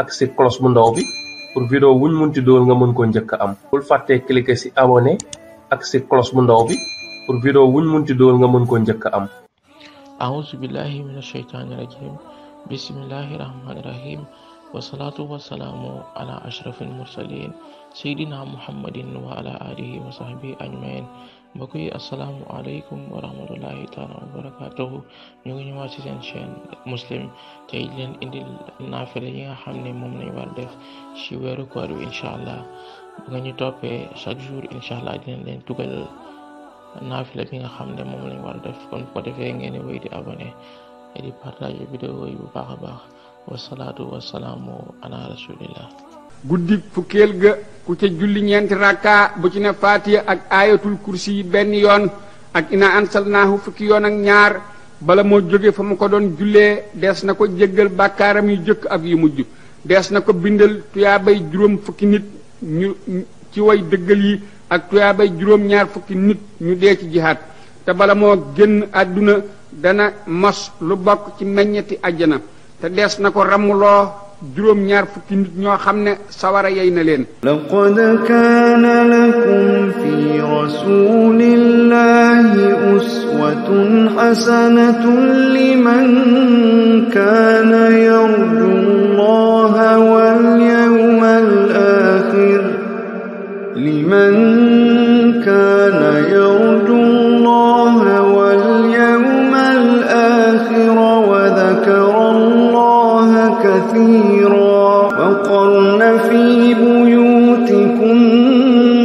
ak si cloche bu ndaw bi pour vidéo wuñ munti dool nga mën ko njëkk a am bul fàttee cliquer si abonné ak si cloche bu ndaw bi pour vidéo wuñ munti dool nga mën ko njëkk am aouzu billahi mina shaytaani rajim bismillahi rahmani rahim والصلاة والسلام على أشرف المرسلين سيدنا محمد وعلى آله وصحبه أجمعين بقي السلام عليكم ورحمة الله تعالى وبركاته نيوغي نواسي سين شين مسلم تيجلن اندي نافل يغا حمني ممني والدف شويرو إن شاء الله بغن يتوبي شاك إن شاء الله جنن لين تقل نافل يغا حمني ممني والدف كون فتفين يعني ويدي أبوني يدي بارتاج الفيديو يبقى بقى wasalaatu wasalaamu ala rasulillah guddi fukkeel ga ku ca julli ñeenti rakka bu ci ne faatiya ak aayatul kursi yi benn yoon ak ina ansalnaahu fukki yoon ak ñaar bala moo jóge fa mu ko doon jullee des na ko jéggal bàkkaaram yu jëkk ak yu mujj dees na ko bindal tuyaabay juróom fukki nit ci way dëggal yi ak tuyaabay juróom ñaar fukki nit ñu dee ci jihaat te bala moo génn àdduna dana mos lu bokk ci meññeti àjjana te dees na ko rammuloo juróom ñaar fukki nit ñoo xam ne sawara yey na leen laqad kaana lakum fi rasulillahi uswatun hasanatun liman kaana كثيرا وقرن في بيوتكم